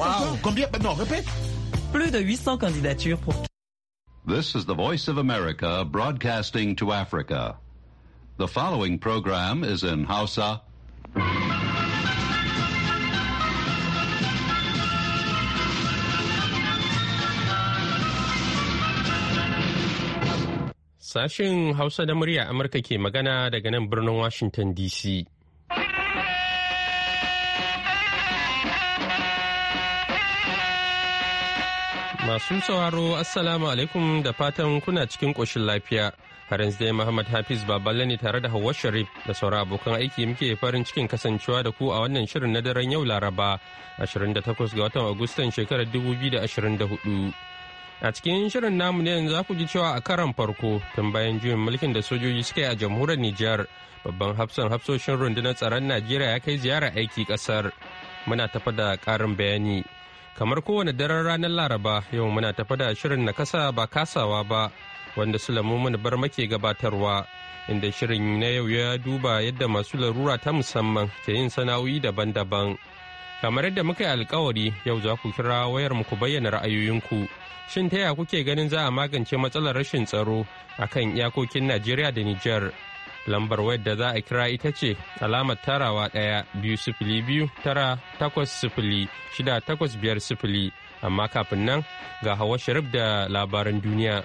Wow. Combien Non, Plus de 800 candidatures pour. This is the Voice of America broadcasting to Africa. The following program is in Hausa. Sashen Hausa da murya Amurka ke magana daga nan birnin Washington DC. Masu sauraro Assalamu alaikum da fatan kuna cikin ƙoshin lafiya. harin zai Muhammad Hafiz Baballe ne tare da Hawa Sharif da sauran abokan aiki muke farin cikin kasancewa da ku a wannan shirin na daren yau Laraba 28 ga watan Agustan shekarar 2024. A cikin shirin namu ne za ku ji cewa a karan farko tun bayan juyin mulkin da sojoji suka yi a jamhuriyar Nijar babban hafsan hafsoshin rundunar tsaron Najeriya ya kai ziyara aiki ƙasar Muna tafa da ƙarin bayani. kamar kowane daren ranar laraba yau muna tafa da shirin na kasa ba kasawa ba wanda su mun bar make gabatarwa inda shirin na yau ya duba yadda masu larura ta musamman ke yin sana'o'i daban-daban kamar yadda muka yi alkawari yau za ku kira wayar ku bayyana ra'ayoyinku shin ta ya kuke ganin za a magance matsalar rashin tsaro akan iyakokin najeriya da nijar lambar wadda da za a kira ita ce alamar tarawa ɗaya biyu sifili biyu tara takwas sifili shida takwas biyar sifili amma kafin nan ga hawa sharif da labaran duniya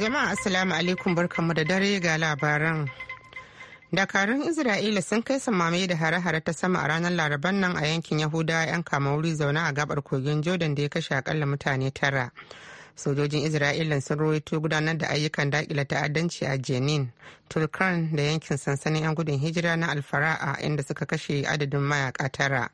jama'a asalamu alaikum barkanmu da dare ga labaran dakarun isra'ila sun kai samame da hare-hare ta sama a ranar laraban nan a yankin yahuda 'yan kama wuri zaune a gabar kogin jordan da ya kashe akalla mutane tara sojojin isra'ila sun rawaito gudanar da ayyukan dakila ta'addanci a jenin tulkan da yankin sansanin 'yan gudun hijira na alfara'a inda suka kashe adadin mayaka tara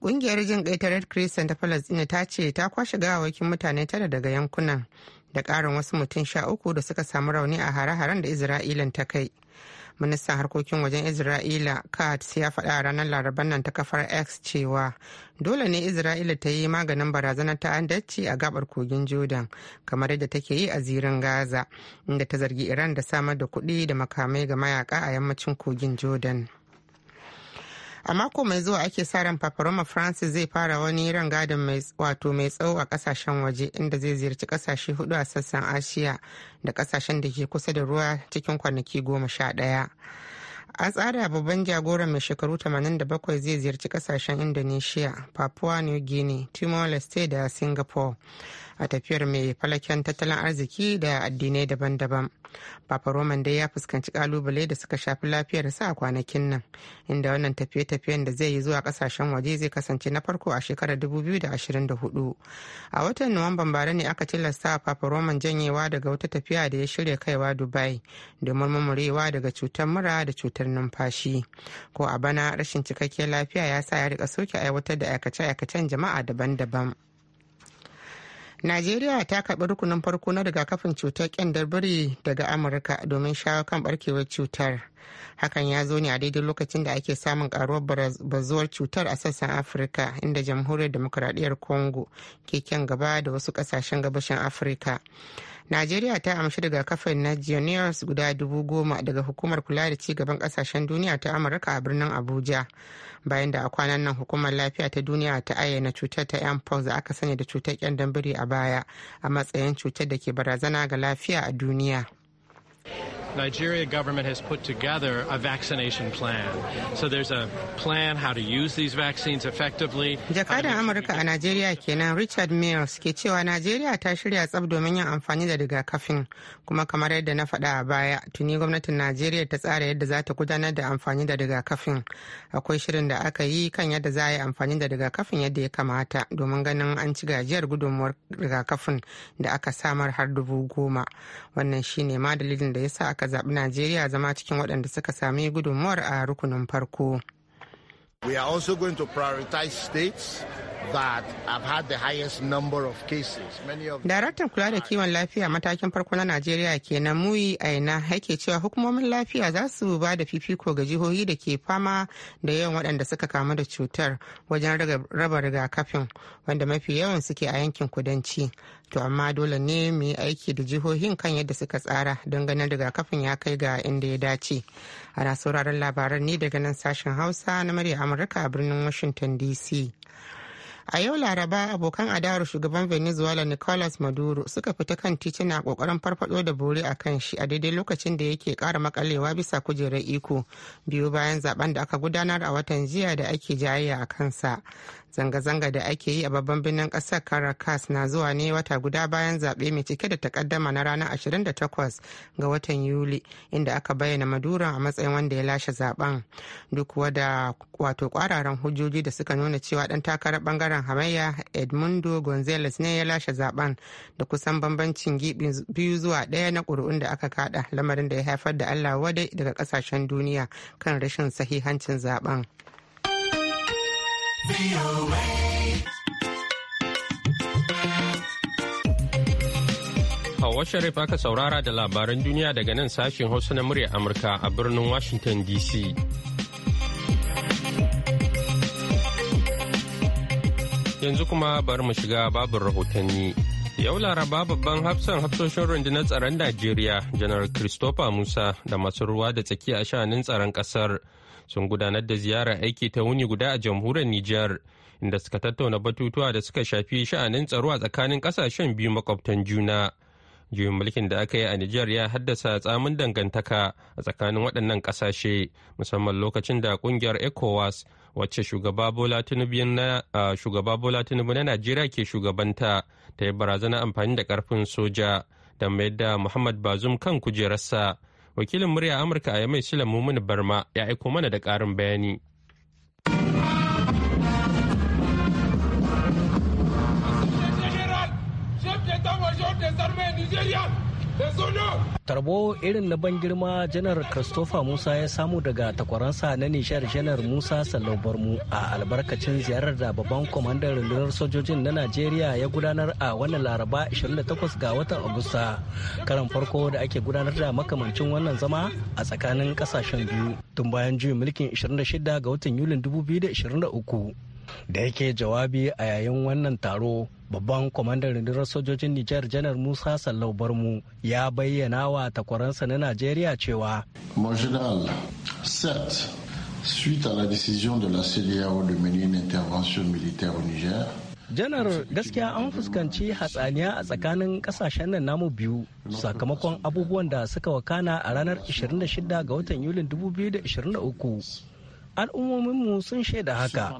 Ƙungiyar jin kai ta red crescent ta falastina ta ce ta kwashe gawawakin mutane tara daga yankunan da karin wasu mutum sha uku da suka samu rauni a hare-haren da isra'ilan ta kai ministan harkokin wajen isra'ila katz ya faɗa ranar laraban nan ta kafar x cewa dole ne isra'ila ta yi maganin barazanar ta'addanci a gabar kogin jordan kamar yadda take yi a zirin gaza inda ta zargi iran da samar da kuɗi da makamai ga mayaka a yammacin kogin jordan a mako mai zuwa ake sa ran paparoma francis zai fara wani rangadin wato mai tsawo a kasashen waje inda zai ziyarci kasashe hudu a sassan asiya da kasashen da ke kusa da ruwa cikin kwanaki goma sha daya a tsara babban jagoran mai shekaru 87 zai ziyarci kasashen indonesia papua new guinea timor-leste da singapore a tafiyar mai falaken tattalin arziki da addinai daban-daban Papa Roman dai ya fuskanci kalubale da suka shafi lafiyar lafiyarsa a kwanakin nan, inda wannan tafiye-tafiyen da zai yi zuwa kasashen waje zai kasance na farko a shekarar 2024. A watan Nuwamban bara ne aka tilasta Papa Roman janyewa daga wata tafiya da ya shirya kaiwa Dubai domin murmurewa daga cutar mura da cutar numfashi. Ko a bana rashin cikakkiyar lafiya ya sa ya rika soke aiwatar da aikace-aikacen jama'a daban-daban. Najeriya ta karɓi rukunin farko na rigakafin cutar kyandar biri daga Amurka domin shawo kan barkewar cutar. Hakan ya zo ne a daidai lokacin da ake samun karuwar bazuwar cutar a sassan Afirka inda jamhuriyar demokradiyyar Congo ke kyan gaba da wasu ƙasashen gabashin Afirka. najeriya ta amshi daga kafin na juniors guda dubu goma daga hukumar kula da ci gaban kasashen duniya ta amurka a birnin abuja bayan da a kwanan nan hukumar lafiya ta duniya ta ayyana cutar ta mpox da aka sani da cutar biri a baya a matsayin cutar da ke barazana ga lafiya a duniya Nigeria government has put together a vaccination plan. So there's a plan how to use these vaccines effectively. Jakadan Amurka a Najeriya kenan Richard Mills ke cewa Najeriya ta shirya tsab domin yin amfani da rigakafin kuma kamar yadda na faɗa a baya tuni gwamnatin Najeriya ta tsara yadda za ta gudanar da amfani da rigakafin. Akwai shirin da aka yi kan yadda za a yi amfani da rigakafin yadda ya kamata domin ganin an ci gajiyar gudunmuwar rigakafin da aka samar har dubu goma. Wannan shine ma dalilin da ya sa aka zaɓi najeriya zama cikin waɗanda suka sami gudunmuwar a rukunin farko We are also going to prioritize states that have had the highest number of cases. Daraktan kula da kiwon lafiya matakin farko na Najeriya kenan muyi aina yake cewa hukumomin lafiya za su ba da fifiko ga jihohi da ke fama da yawan waɗanda suka kamu da cutar wajen raba rigakafin wanda mafi yawan suke a yankin kudanci. to amma dole ne mu yi aiki da jihohin kan yadda suka tsara don ganin rigakafin ya kai ga inda ya dace ana sauraron labaran ni daga nan sashen hausa na murya amurka a birnin washington dc a yau laraba abokan adawar shugaban venezuela nicolas maduro suka fita kan titina kokarin farfado da bori a kan shi a daidai lokacin da yake kara makalewa bisa kujerar iko biyu bayan zaben da aka gudanar a watan jiya da ake jayayya a kansa zanga-zanga da ake yi a babban birnin ƙasar caracas na zuwa ne wata guda bayan zaɓe mai cike da takaddama na ranar 28 ga watan yuli inda aka bayyana maduro a matsayin wanda ya lashe zaben duk wada wato kwararan hujjoji da suka nuna cewa ɗan takarar bangaren hamayya edmundo gonzales ne ya lashe zaben da kusan bambancin gibi biyu zuwa ɗaya na ƙuri'un da aka kaɗa lamarin da ya haifar da allah wadai daga ƙasashen duniya kan rashin sahihancin zaben. Hawa Sharif aka saurara da labaran duniya daga nan sashin Hausa na murya Amurka a birnin Washington DC. Yanzu kuma bari mu shiga babin rahotanni. Yau Laraba babban hafsan hafsoshin rundunar tsaron Najeriya, Janar Christopher Musa da masu ruwa da tsaki a shanun tsaron ƙasar. sun gudanar da ziyarar aiki ta wuni guda a jamhuriyar Nijar inda suka tattauna batutuwa da suka shafi sha'anin tsaro a tsakanin kasashen biyu makwabtan juna. Juyin mulkin da aka yi a Nijar ya haddasa tsamin dangantaka a tsakanin waɗannan ƙasashe musamman lokacin da ƙungiyar ECOWAS wacce shugaba Bola Tinubu na Najeriya ke shugabanta ta yi barazana amfani da ƙarfin soja da mayar da Muhammad Bazum kan kujerarsa. wakilin murya amurka a yamai shilan mumuni barma ya aiko mana da ƙarin bayani tarbo irin na ban girma janar christopher musa ya samu daga takwaransa na nishar janar musa sallobarmu a albarkacin ziyarar da babban kwamandan rundunar sojojin na najeriya ya gudanar a wannan laraba 28 ga watan agusta karan farko da ake gudanar da makamancin wannan zama a tsakanin kasashen biyu tun bayan juyin mulkin 26 ga watan yulin 2023 da yake jawabi a yayin wannan taro babban kwamandan rundunar sojojin nijar janar musa sallau barmu ya bayyana wa takwaransa na najeriya cewa Suite à la décision de la CDAO janar gaskiya an fuskanci hatsaniya a tsakanin kasashen nan namu biyu sakamakon abubuwan da suka wakana a ranar 26 ga watan yulin 2023 al'ummominmu sun shaida haka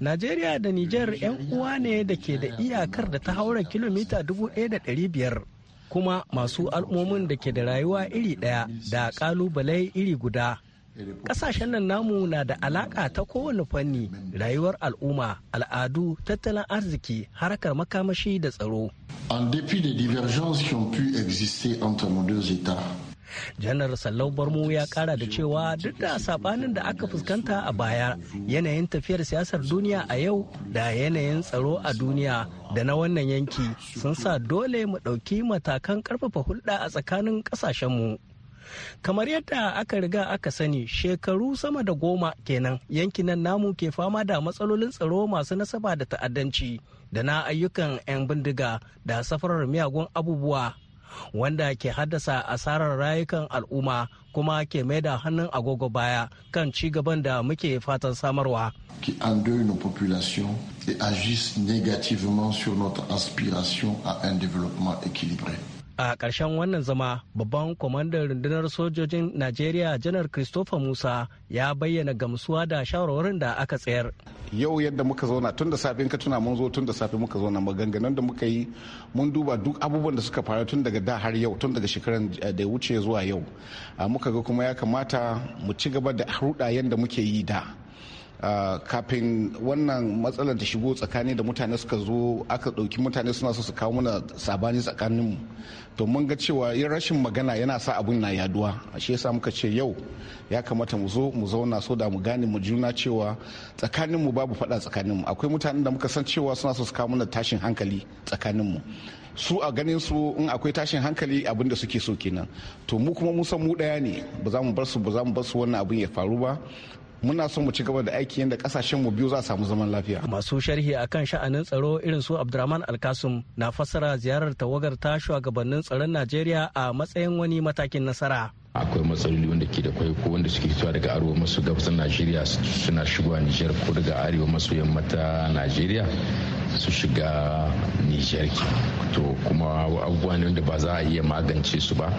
najeriya da nijar 'yan uwa ne da ke da iyakar da ta haura kilomita 1,500 kuma masu al'ummomin da ke da rayuwa iri ɗaya da ƙalubale iri guda ƙasashen nan namu na da alaƙa ta kowane fanni rayuwar al'umma al'adu tattalin arziki harkar makamashi da tsaro en depuis les divergences qui ont pu exister entre nos deux janar sallau barmu ya kara da cewa duk da sabanin da aka fuskanta a baya yanayin tafiyar siyasar duniya a yau da yanayin tsaro a duniya da na wannan yanki sun sa dole mu ɗauki matakan ƙarfafa hulɗa a tsakanin ƙasashenmu kamar yadda aka riga aka sani shekaru sama da goma kenan yankin namu ke fama da matsalolin tsaro masu nasaba da ta'addanci da na ayyukan 'yan bindiga da safarar miyagun abubuwa wanda ke haddasa asarar rayukan al'umma kuma ke mai da hannun agogo baya kan ci gaban da muke fatan samarwa. Qui endeuille nos et agissent négativement sur notre aspiration à un développement équilibré. a ƙarshen wannan zama babban kwamandan rundunar sojojin najeriya janar christopher musa ya bayyana gamsuwa da shawarwarin da aka tsayar yau yadda muka zauna tun da safe ka tuna mun zo tun da safe muka zauna maganganun da muka yi mun duba duk abubuwan da suka faru tun daga da har yau tun daga shekaran eh, da ya wuce zuwa yau muka ga kuma ya kamata mu ci gaba da hulɗa yadda muke yi da kafin wannan matsalar ta shigo tsakani da mutane suka zo aka ɗauki mutane suna so su kawo mana sabani tsakaninmu to mun ga cewa yin rashin magana yana sa abin na yaduwa shi yasa muka ce yau ya kamata mu zo mu zauna so da mu gane mu juna cewa tsakaninmu babu faɗa tsakaninmu akwai mutanen da muka san cewa suna so su kawo mana tashin hankali tsakaninmu su a ganin su in akwai tashin hankali abin da suke so kenan to mu kuma mu san mu ɗaya ne ba za mu bar su ba za mu bar su wannan abin ya faru ba muna son mu ci gaba da aiki yadda kasashen mu biyu za samu zaman lafiya masu sharhi akan sha'anin tsaro irin su abdurrahman alkasum na fassara ziyarar tawagar ta shugabannin tsaron najeriya a matsayin wani matakin nasara akwai matsaloli wanda ke da kwai ko wanda suke fitowa daga arewa maso gabasar najeriya suna shigowa nijar ko daga arewa maso yammata ta najeriya su shiga nijar to kuma abubuwa ne da ba za a iya magance su ba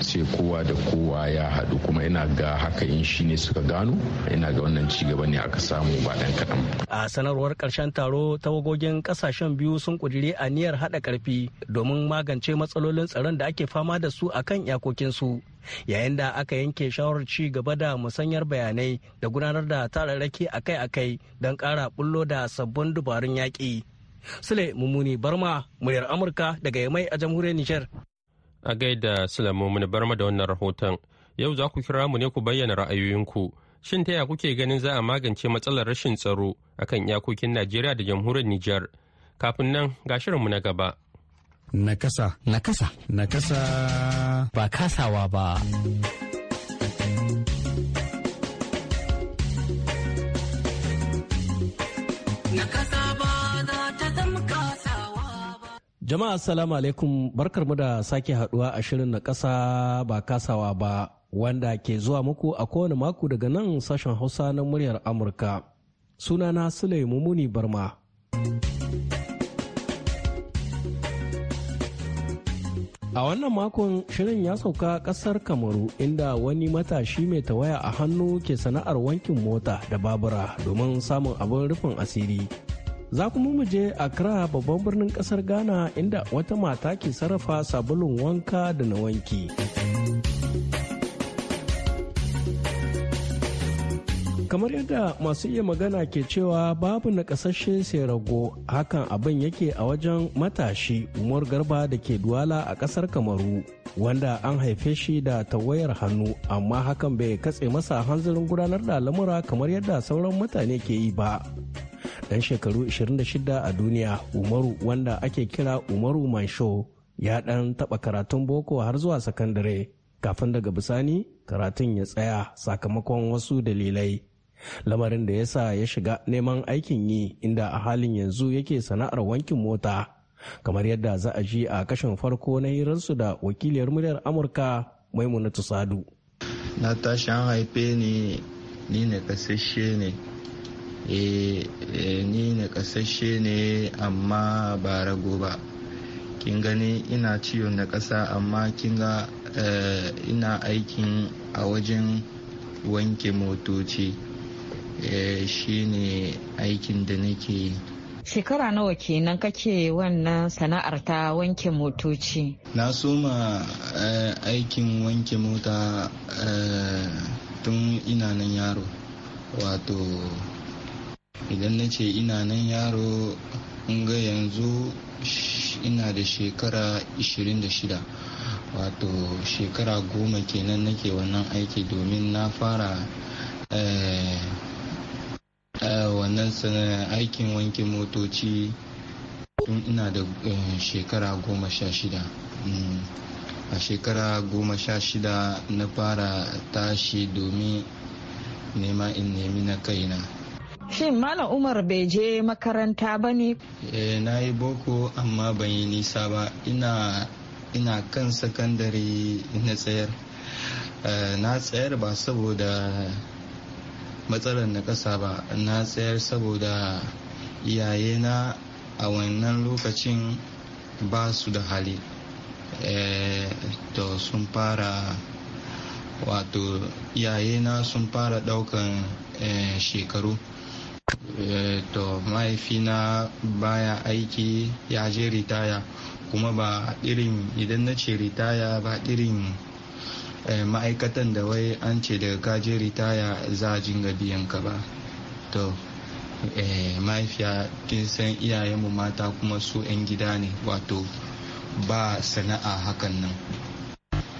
sai kowa da kowa ya haɗu kuma ina ga haka in shi ne suka gano ina ga wannan ci gaba ne aka samu ba ɗan kaɗan a sanarwar ƙarshen taro tawagogin ƙasashen biyu sun ƙudiri a niyyar haɗa ƙarfi domin magance matsalolin tsaron da ake fama da su akan iyakokinsu yayin da aka yanke shawarar ci gaba da musanyar bayanai da gudanar da tararraki akai-akai don ƙara bullo da sabbin dubarun yaƙi Sule Mummuni Barma, muryar Amurka daga Yamai a jamhuriyar Nijar. A gaida Sule Mummuni Barma da wannan rahoton. Yau za ku kira mu ne ku bayyana ra'ayoyinku. Shin ta ya kuke ganin za a magance matsalar rashin tsaro akan iyakokin Najeriya da jamhuriyar Nijar? Kafin nan ga shirinmu na gaba. Nakasa. Nakasa. Nakasa. Ba kasawa ba. Jama'a assalamu alaikum barkarmu da sake haduwa a shirin na kasa ba kasawa ba wanda ke zuwa muku a kowane mako daga nan sashen Hausa na muryar Amurka. Sunana Sule Mumuni Barma. A wannan makon shirin ya sauka kasar Kamaru inda wani matashi mai tawaya a hannu ke sana'ar wankin mota da babura domin samun abin rufin asiri. Za kuma mu je Accra babban birnin kasar Ghana inda wata mata ke sarrafa sabulun wanka da na wanki. kamar yadda masu iya magana ke cewa babu nakasashe sai rago hakan abin yake a wajen matashi umar garba da ke duwala a kasar kamaru wanda an haife shi da tawayar hannu amma hakan bai katse masa hanzarin gudanar da lamura kamar yadda sauran mutane ke yi ba dan shekaru 26 a duniya umaru wanda ake kira umaru mansho ya dan taba karatun boko har zuwa sakandare kafin daga bisani karatun ya tsaya sakamakon wasu dalilai lamarin da ya sa ya shiga neman aikin yi inda a halin yanzu yake sana'ar wankin mota kamar yadda za a ji a kashin farko na hirarsu da wakiliyar muryar amurka maimunatu sadu na tashi an haife ni ni ne kasashe ne eh, eh, ni ne kasashe ne amma ba rago ba kin gani ina ciwon da kasa amma kin ga eh, ina aikin a wajen wanke motoci Eh, shine aikin da nake shekara nawa kenan kake wannan sana'ar ta wanke motoci na soma eh, aikin wanke mota eh, tun ina nan yaro wato idan na ce ina nan yaro ga yanzu ina da shekara 26 wato shekara goma kenan nake wannan aiki domin na fara wannan sana'ar aikin wanke motoci tun ina da eh, shekara goma sha shida mm. a shekara goma sha shida na fara tashi domin nema in nemi na kaina shin malam umar bai je makaranta ba ne eh, na yi boko amma ban yi nisa ba ina ina kan sakandare na tsayar eh, na tsayar ba saboda matsalar na ƙasa ba na tsayar saboda na a wannan lokacin ba su da hali eh, to sun fara wato na sun fara ɗaukan eh, shekaru eh, to mahaifina baya aiki ya je ritaya kuma ba irin idan na ce ritaya ba irin Eh, ma'aikatan da wai an ce daga kaje ritaya za a jinga biyan ka ba to eh, mahaifiya kin san iyayenmu mata kuma su 'yan gida ne wato ba sana'a hakan nan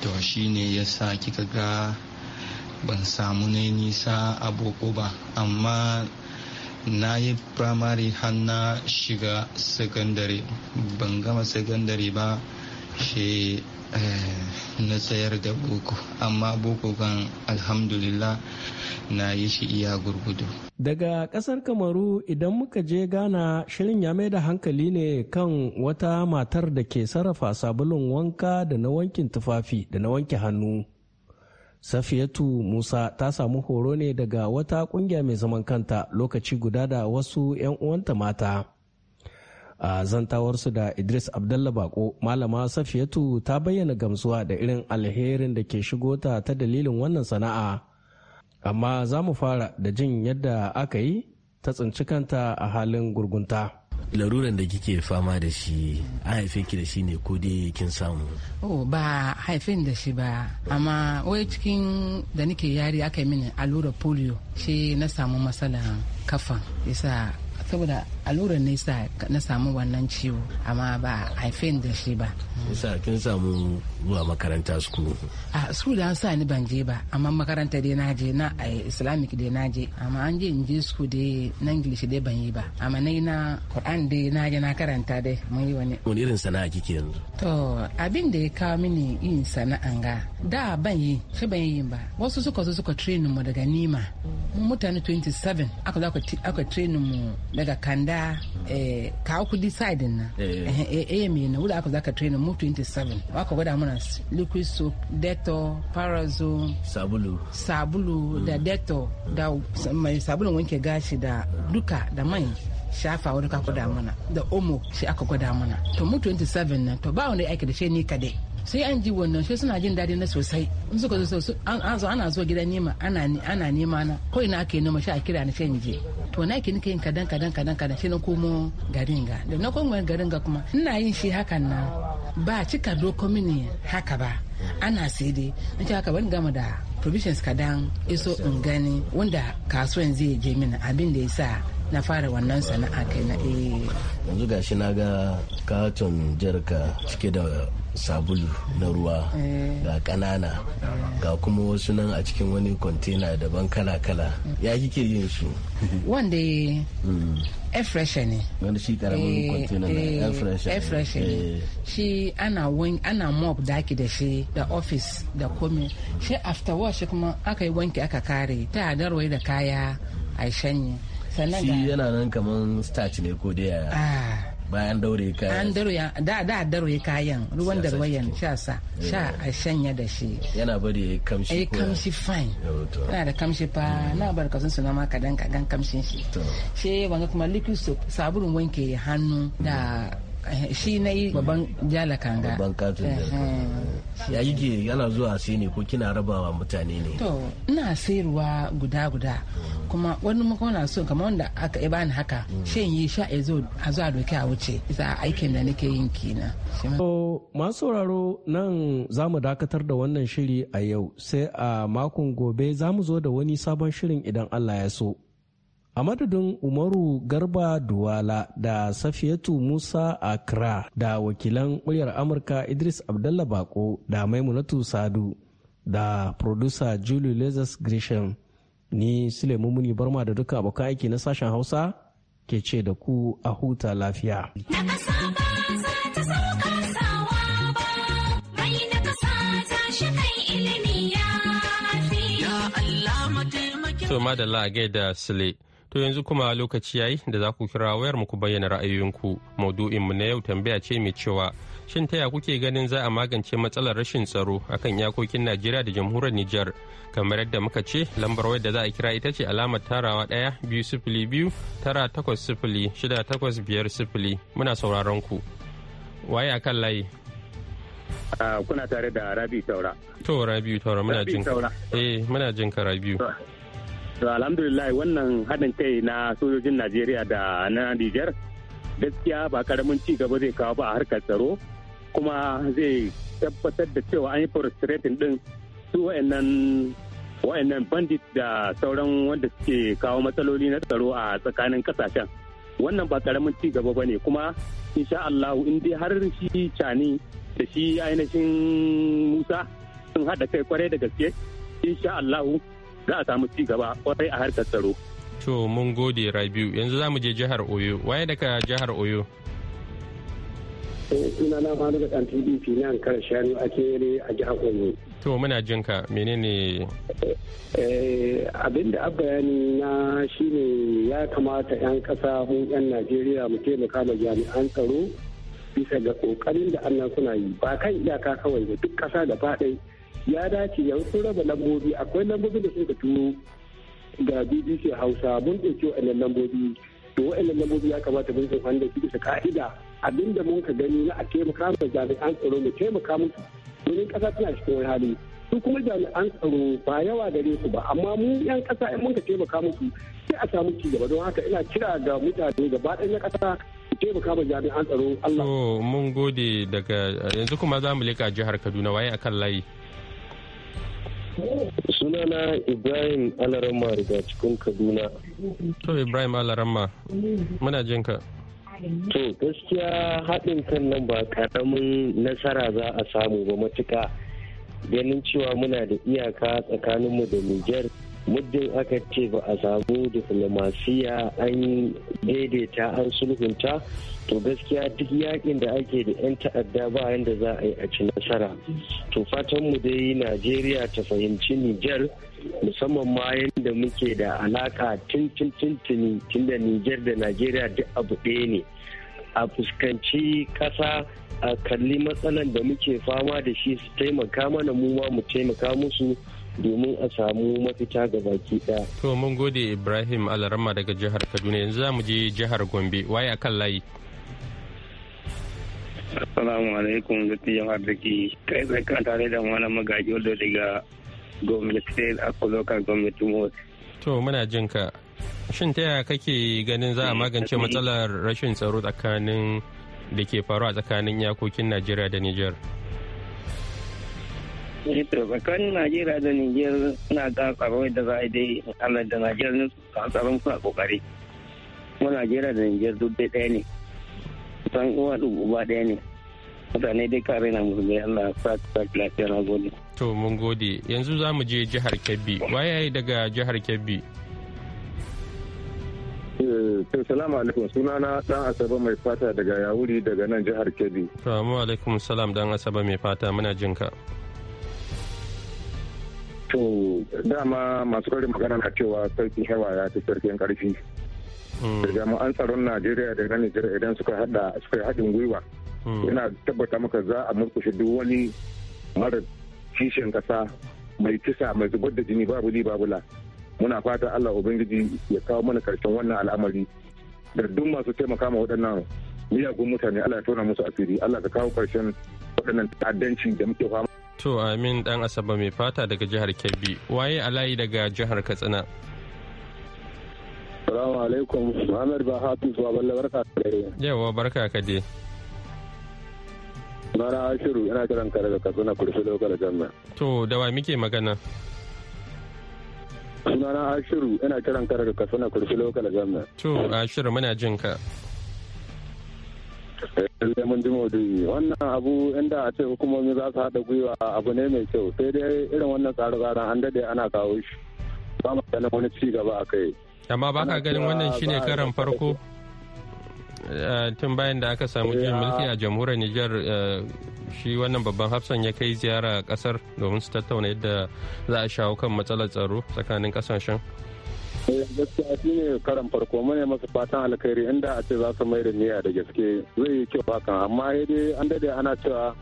to shi ne ya sa kika ga ban samu ne nisa a ba amma na yi firamare har na shiga sakandare ban gama sakandare ba shi Eh, na tsayar da boko amma boko kan alhamdulillah na yi shi iya gurgudu daga kasar kamaru idan muka je ghana shirin ya mai da hankali ne kan wata matar da ke sarrafa sabulun wanka da na wankin tufafi da na wanke hannu safiyatu musa ta samu horo ne daga wata kungiya mai zaman kanta lokaci guda da wasu 'yan uwanta mata a zantawar su da idris abdalla bako malama safiyatu ta bayyana gamsuwa da irin alherin da ke shigo ta ta dalilin wannan sana'a amma za mu fara da jin yadda aka yi ta tsinci kanta a halin gurgunta laruran da kike fama da shi a haife ki da shi ne ko dai kin samu oh ba haifin da shi ba amma wai cikin da nake yari aka yi mini allurar polio shi na samu matsalar kafa yasa saboda allurar nesa na samu wannan ciwo amma ba haifin da shi ba yasa kin samu zuwa makaranta school a da an sa ni ban je ba amma makaranta dai na je na eh, islamic dai na je amma an je in je school dai na english dai ban yi ba amma na yi na quran dai na je na karanta dai mun yi wani wani irin sana'a kike yanzu to abin da ya kawo mini yin sana'an ga da ban yi shi ban yi ba wasu suka zo suka training mu daga nima mu mutane 27 aka zo aka training mu daga kanda da eh, ka ku decide na eh eh, eh, eh me na wula aka zaka train mu 27 aka gwada mana liquid soap dettol parazo sabulu sabulu mm. da dettol mm. da mai sabulun wanke gashi da mm. duka da mai shafa wani ka da mana da omo shi aka gwada mana to mu 27 na to ba wani aiki da shi ni kadai sai an ji wannan shi suna jin daɗi na sosai in suka zo an zo ana zuwa gidan nema ana nema na ko ina ake nema shi a kira na shi je to na ke nika yin kadan kadan kadan kadan shi na komo garin ga da na komo garin ga kuma ina yin shi hakan na ba cika doko mini haka ba ana sai dai in haka ban gama da provisions kadan iso in gani wanda kasuwan zai je mini abin da ya sa na fara wannan sana'a kai na eh yanzu shi na ga katon jarka cike da sabulu na ruwa eh. ga kanana eh. ga kuma wasu nan a cikin wani kwantena daban kala-kala ya kike yin su wanda hmm. air fresher ne wanda shi karamin kwantena eh, na air fresher air fresher ne shi ana wani ana mop daki da shi da office da komi shi after wash kuma aka yi wanki aka kare ta adarwai da kaya a shanye shi yana nan kamar starch ne ko da yaya ah. bayan daure kayan an da da daure kayan ruwan da ruwayan sha sa sha eh. a shanya da shi yana bari yayi kamshi yayi kamshi fine yana da kamshi fa hmm. na bar kasan su ma kadan kagan kamshin shi shi wanga kuma liquid soap sabulun wanke hannu da shi na yi babban kanga babban katin jalakanga eh, eh. ya yi ke yana zuwa sai ko kina rabawa mutane ne to ina sayarwa guda guda kuma wani muka na so kamar wanda aka yi bani haka mm. shin yi sha a zo a zuwa doki a wuce a aikin da nake yin kina masu sauraro nan za mu dakatar da wannan shiri a yau sai a makon gobe za mu zo da wani sabon shirin idan Allah ya so a madadin umaru garba duwala da safiyatu musa akra da wakilan muryar amurka idris abdallah bako da maimunatu sadu da producer julie lezas grisham ni sulaimu muni barma da duka abokan aiki na sashen hausa ke ce da ku a huta lafiya To madalla a gaida Sule. To yanzu kuma lokaci yayi da za ku kira wayar muku ku bayyana ra'ayoyinku. Maudu'inmu na yau tambaya ce mai cewa shin ta ya kuke ganin za a magance matsalar rashin tsaro akan iyakokin Najeriya da jamhuriyar Nijar? Kamar yadda muka ce lambar wayar da za a kira ita ce alamar tarawa ɗaya biyu sifili biyu tara takwas sifili shida takwas biyar sifili muna sauraron ku. Waye akan layi? kuna tare da rabi Taura. To Rabi Taura muna jin ka. Eh muna jin ka Rabi. to alhamdulillah wannan haɗin kai na sojojin najeriya da na niger gaskiya ba karamin ci gaba zai kawo ba a harkar tsaro kuma zai tabbatar da cewa an yi frustrating din su wa'annan wa'annan bandit da sauran wanda suke kawo matsaloli na tsaro a tsakanin kasashen wannan ba karamin ci gaba bane kuma insha Allah in dai har shi cani da shi ainihin Musa sun haɗa kai kwarai da gaske insha Allah za a samu ci gaba kwarai a harkar tsaro. To mun gode Rabiu yanzu za mu je jihar Oyo waye daga jihar Oyo. Eh, suna na faru da ɗan PDP na Ankara Shanu a kere a jihar Oyo. To muna jin ka menene? Eh, abin da bayani na shine ya kamata 'yan ƙasa mun 'yan Najeriya mu taimaka ma jami'an tsaro bisa ga ƙoƙarin da annan suna yi ba kan iyaka kawai da duk ƙasa da faɗai. ya dace ya sun raba lambobi akwai lambobi da suka turo ga bbc hausa mun ɗauki wa'annan lambobi to wa'annan lambobi ya kamata mun san wanda su bisa ka'ida abinda mun ka gani na a taimaka ma jami'an tsaro mu taimaka musu domin ƙasa tana cikin wani hali su kuma jami'an tsaro ba yawa gare su ba amma mu yan ƙasa in mun ka taimaka musu sai a samu ci gaba don haka ina kira ga mutane gaba ɗaya na ƙasa taimaka ma jami'an tsaro Allah. mun gode daga yanzu kuma za mu leka jihar Kaduna waye akan layi. sunana ibrahim alarama daga cikin kaduna to ibrahim alarama muna jinka to gaskiya haɗin kan nan ba ƙaramin nasara za a samu ba matuƙa ganin cewa muna da iyaka tsakaninmu da niger muddin aka ce ba a samu diflomasiya an daidaita an sulhunta to gaskiya duk yakin da ake da 'yan ta'adda ba yadda za a yi a ci nasara to fatanmu dai najeriya ta fahimci niger musamman ma yadda muke da alaka tun tun tun da niger da najeriya duk abu ɗaya ne a fuskanci ƙasa a kalli matsalan da muke fama da shi su taimaka mana mu ma mu taimaka musu domin a samu mafita ga baki ɗaya. To mun gode Ibrahim Alarama daga jihar Kaduna yanzu za mu je jihar Gombe waye a kan layi. Assalamu alaikum zati jama'ar da ke kai zai kan tare da wani magaji wadda daga Gombe State a Local Government Mode. To muna jin ka. Shin ta yaya kake ganin za a magance matsalar rashin tsaro tsakanin da ke faruwa tsakanin yakokin Najeriya da Nijar? Eh, to tsakanin najeriya da niger suna ga tsaro da za a dai allah da najeriya ne tsaron suna kokari kuma najeriya da niger duk dai ɗaya ne san uwa uba ɗaya ne mutane dai kare na musu allah sa ta lafiya na gode to mun gode yanzu za mu je jihar kebbi waye daga jihar kebbi eh, to salamu alaikum sunana dan asaba mai fata daga yawuri daga nan jihar kebbi salamu alaikum salam dan asaba mai fata muna jinka ka To dama masu karin magana na cewa sarki hewa ya fi sarkin karfi. Hmm. Da jami'an tsaron Najeriya da na Nijar idan suka hada suka haɗin gwiwa. Yana hmm. tabbata maka za a murkushe duk wani mara kishin kasa mai kisa mai zubar da jini babu li babula. Muna fata Allah Ubangiji ya kawo mana karshen wannan al'amari. Da duk masu taimaka ma waɗannan miyagun mutane Allah ya tona musu asiri Allah ka kawo karshen waɗannan ta'addanci da muke fama. To Amin dan Asaba mai fata daga jihar Kebbi. Waye alayi daga jihar Katsina? Salamu alaikum, Muhammad ba Hafiz zuwa balle barka ka dai. Yawa barka ka dai. Mara Ashiru ina kiran kare da Katsina kurfi lokal jamma. To da wa muke magana? Sunana Ashiru ina kiran da daga Katsina kurfi lokal jamma. To Ashiru muna jin ka. Lallai mun wannan abu inda a ce hukumomi za su haɗa gwiwa abu ne mai kyau sai dai irin wannan tsare-tsaren an dade ana kawo shi ba mu ganin wani ci gaba a kai. Amma ba ka ganin wannan shine karan farko eh, tun bayan da aka samu jin mulki a jamhuriyar Nijar eh, shi wannan babban hafsan ya kai ziyara kasar domin su tattauna yadda za a shawo kan matsalar tsaro tsakanin kasashen. Eh, gaskiya shi ne karan farko ne masa fatan alkhairi inda a ce za su mai da niyya da gaske zai yi kyau hakan amma dai an dade ana cewa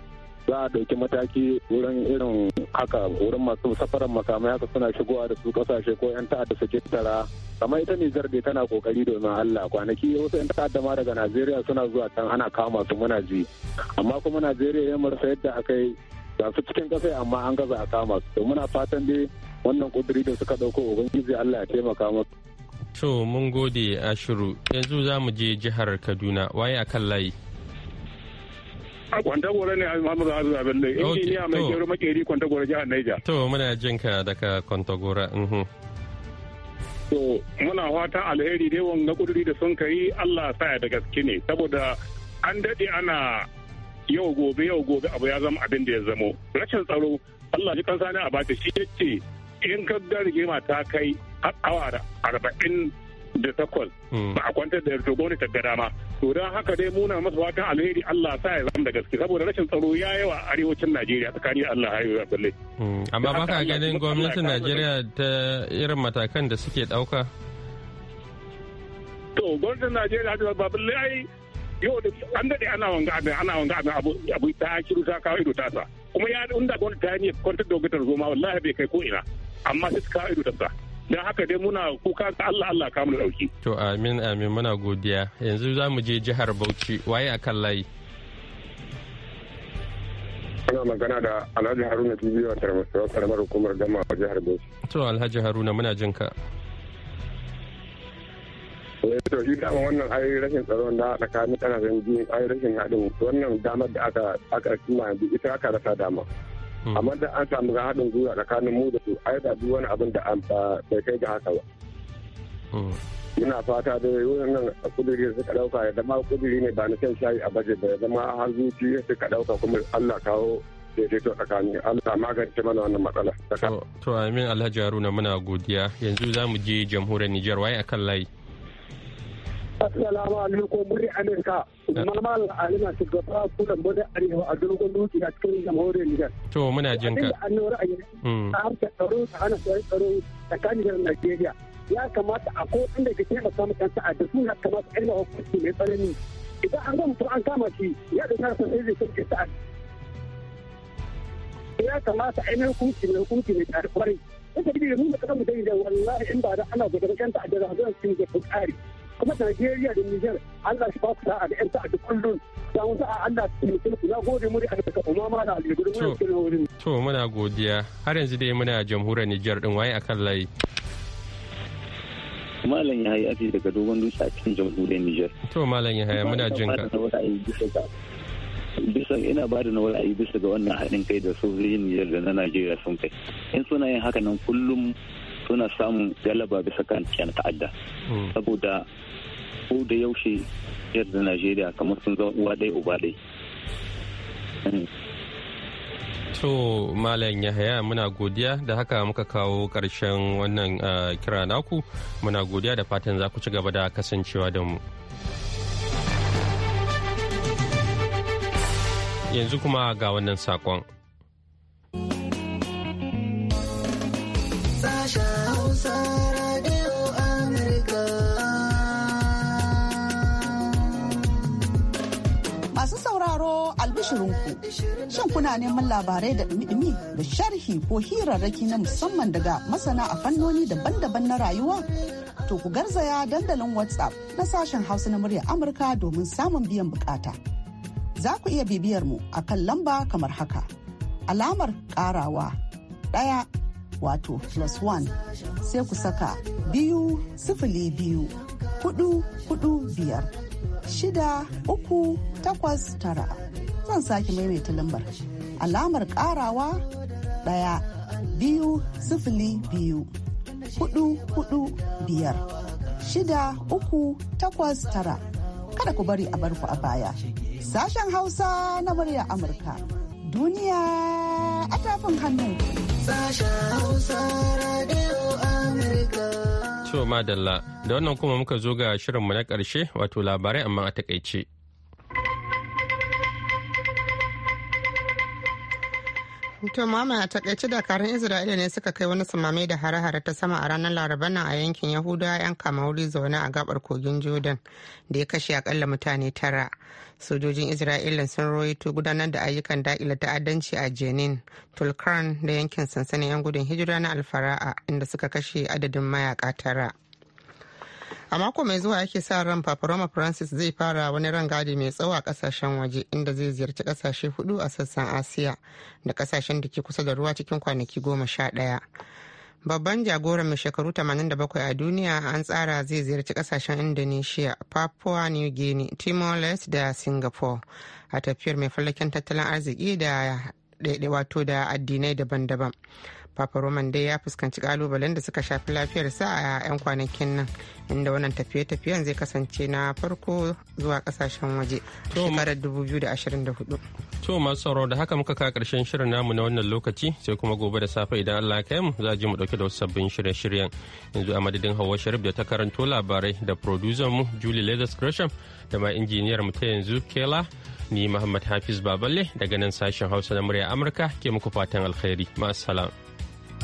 za a ɗauki mataki wurin irin haka wurin masu safarar makamai haka suna shigowa da su kasashe ko 'yan ta'adda su tara kamar ita ne zarge tana kokari domin Allah kwanaki wasu 'yan ta'adda ma daga Najeriya suna zuwa can ana kama su muna ji amma kuma Najeriya ya marasa yadda aka yi ga su cikin ƙasa amma an gaza a kama su to muna fatan dai wannan kudiri da suka ɗauko ubangiji allah ya taimaka maka. to mun gode ashiru yanzu za mu je jihar kaduna waye a kan layi. kwanta gore ne Muhammad Hafiz Abelle injiniya mai gero makeri kwanta jihar Naija. to muna jin ka daga kwanta mhm. to muna fata alheri dai wanga kuduri da sun kai Allah sa ya da gaske ne saboda an dade ana yau gobe yau gobe abu ya zama abin da ya zamo rashin tsaro Allah ji kansa ne a bata shi yace in ka ga rigima ta kai awa arba'in da takwas hmm. ba a kwantar da yarjo gwamnati ta gada ma to don haka dai muna masa watan alheri Allah sa ya zama da gaske saboda rashin tsaro ya yi wa arewacin Najeriya tsakanin Allah hayo ya balle hmm. amma ba ka ganin gwamnatin Najeriya ta irin matakan da suke ɗauka. to gwamnatin Najeriya ta ba balle ai yau da an daɗe ana wanga abin ana wanga abin abu ta shiru ta kawo ido ta sa kuma ya inda gwamnati ta ne kwantar da gwamnati zoma wallahi bai kai ko ina amma sai ka ido da sa don haka dai muna kuka ga Allah Allah ka mu dauki to amin amin muna godiya yanzu za mu je jihar Bauchi waye akan layi Ana magana da Alhaji Haruna TV a karamar hukumar gama a jihar Bauchi. To Alhaji Haruna muna jin ka. Eh, to shi dama wannan ai rashin tsaro na tsakanin ƙasashen biyu ai rashin haɗin wannan damar da aka aka kuma ita aka rasa dama Hmm. amma da an samu ga haɗin gwiwa tsakanin mu da su ai da duk wani abin da an ba bai kai ga haka ba hmm. ina fata da wannan su suka dauka ya zama kudiri ne ba na kan shayi a baje da ya zama har zuci suka dauka kuma Allah kawo daidaito tsakanin Allah magance mana wannan matsala to amin Alhaji Haruna muna godiya yanzu za mu je jamhuriyar Nijar waye akan layi Assalamu alaikum muri Amerika. Mamal Alina shugaba kudan bude arewa a dogon dutse a cikin jamhuriyar Nijar. To muna jin ka. An nora a yanzu. Mm. A harkar tsaro ta hana tsaro tsakanin Najeriya. Ya kamata a ko inda ke taimaka kansa a da su ya kamata a hukunci mai tsanani. Idan an ga mutum an kama shi ya da sa sai zai sauke Ya kamata a hukunci mai hukunci mai tsari kwarai. Ita da da wallahi in ba da ana gudanar da ta'addar hazon sun tsari. kuma Najeriya da Nijar Allah shi ba ku sa'a da 'yan sa'a da kullum da wasu a Allah su yi mutum na gode muri da aka kuma ma da aljihu mun yi kira wurin. To muna godiya har yanzu dai muna jamhuriyar Nijar din waye akan layi. Malam ya yi aji daga dogon dutse a cikin jamhuriyar Nijar. To Malam ya haya muna jin ka. bisa ina ba da na ra'ayi bisa ga wannan haɗin kai da sojojin Nijar da na Najeriya sun kai. In suna yin haka nan kullum suna samun galaba bisa kan yan ta'adda hmm. saboda ko da yaushe yar da najeriya kamar sun zama uwa dai uba dai hmm. to malam yahaya muna godiya da haka muka kawo karshen wannan uh, kira naku muna godiya da fatan za ku ci gaba da kasancewa da mu yanzu kuma ga wannan sakon Masu sauraro albishirinku, shin kuna neman labarai da ɗumi da sharhi ko hirarraki na musamman daga masana a fannoni daban-daban na rayuwa? To ku garzaya dandalin WhatsApp na sashen Hausa na muryar Amurka domin samun biyan bukata. Za ku iya bibiyar mu a kan lamba kamar haka. Alamar ƙarawa ɗaya wato plus one sai ku saka biyu sifili biyu hudu hudu biyar shida uku takwas tara zan sake maimaita lambar alamar karawa daya biyu sifili biyu hudu hudu biyar shida uku takwas tara kada ku bari a barku a baya sashen hausa na murya amurka duniya kyauta a tafin hannu. To madalla da wannan kuma muka zo ga shirinmu na ƙarshe wato labarai amma a takaice. To mama a takaice dakarun Isra'ila ne suka kai wani samame da hare-hare ta sama a ranar Laraba nan a yankin Yahuda yan kamauri zaune a gabar kogin Jordan da ya kashe akalla mutane tara. Sojojin Isra'ila sun roito gudanar da ayyukan daƙila ta'addanci a Jenin, Tulkarn da yankin sansanin 'yan gudun hijira na Alfara'a inda suka kashe adadin mayaka tara. a mako mai zuwa yake sa ran paparoma francis zai fara wani rangadi mai tsawo a kasashen waje inda zai ziyarci kasashe hudu a sassan asiya da kasashen da ke kusa da ruwa cikin kwanaki goma sha daya. babban jagoran mai shekaru 87 a duniya an tsara zai ziyarci kasashen indonesia papua new guinea timor-leste da singapore a tafiyar mai fallaken tattalin arziki da wato da addinai daban-daban Papa Roman dai ya fuskanci kalubalen da suka shafi lafiyarsa a 'yan kwanakin nan inda wannan tafiye-tafiyen zai kasance na farko zuwa kasashen waje shekarar 2024. To masu sauraro da haka muka kawo karshen shirin namu na wannan lokaci sai kuma gobe da safe idan Allah ya mu za ji mu dauke da wasu sabbin shirye-shiryen yanzu a madadin Hauwa Sharif da ta karanto labarai da producer mu Julie Lazarus Gresham da ma injiniyar mu ta yanzu Kela ni Muhammad Hafiz Baballe daga nan sashen Hausa na murya Amurka ke muku fatan alkhairi. Ma'assalam.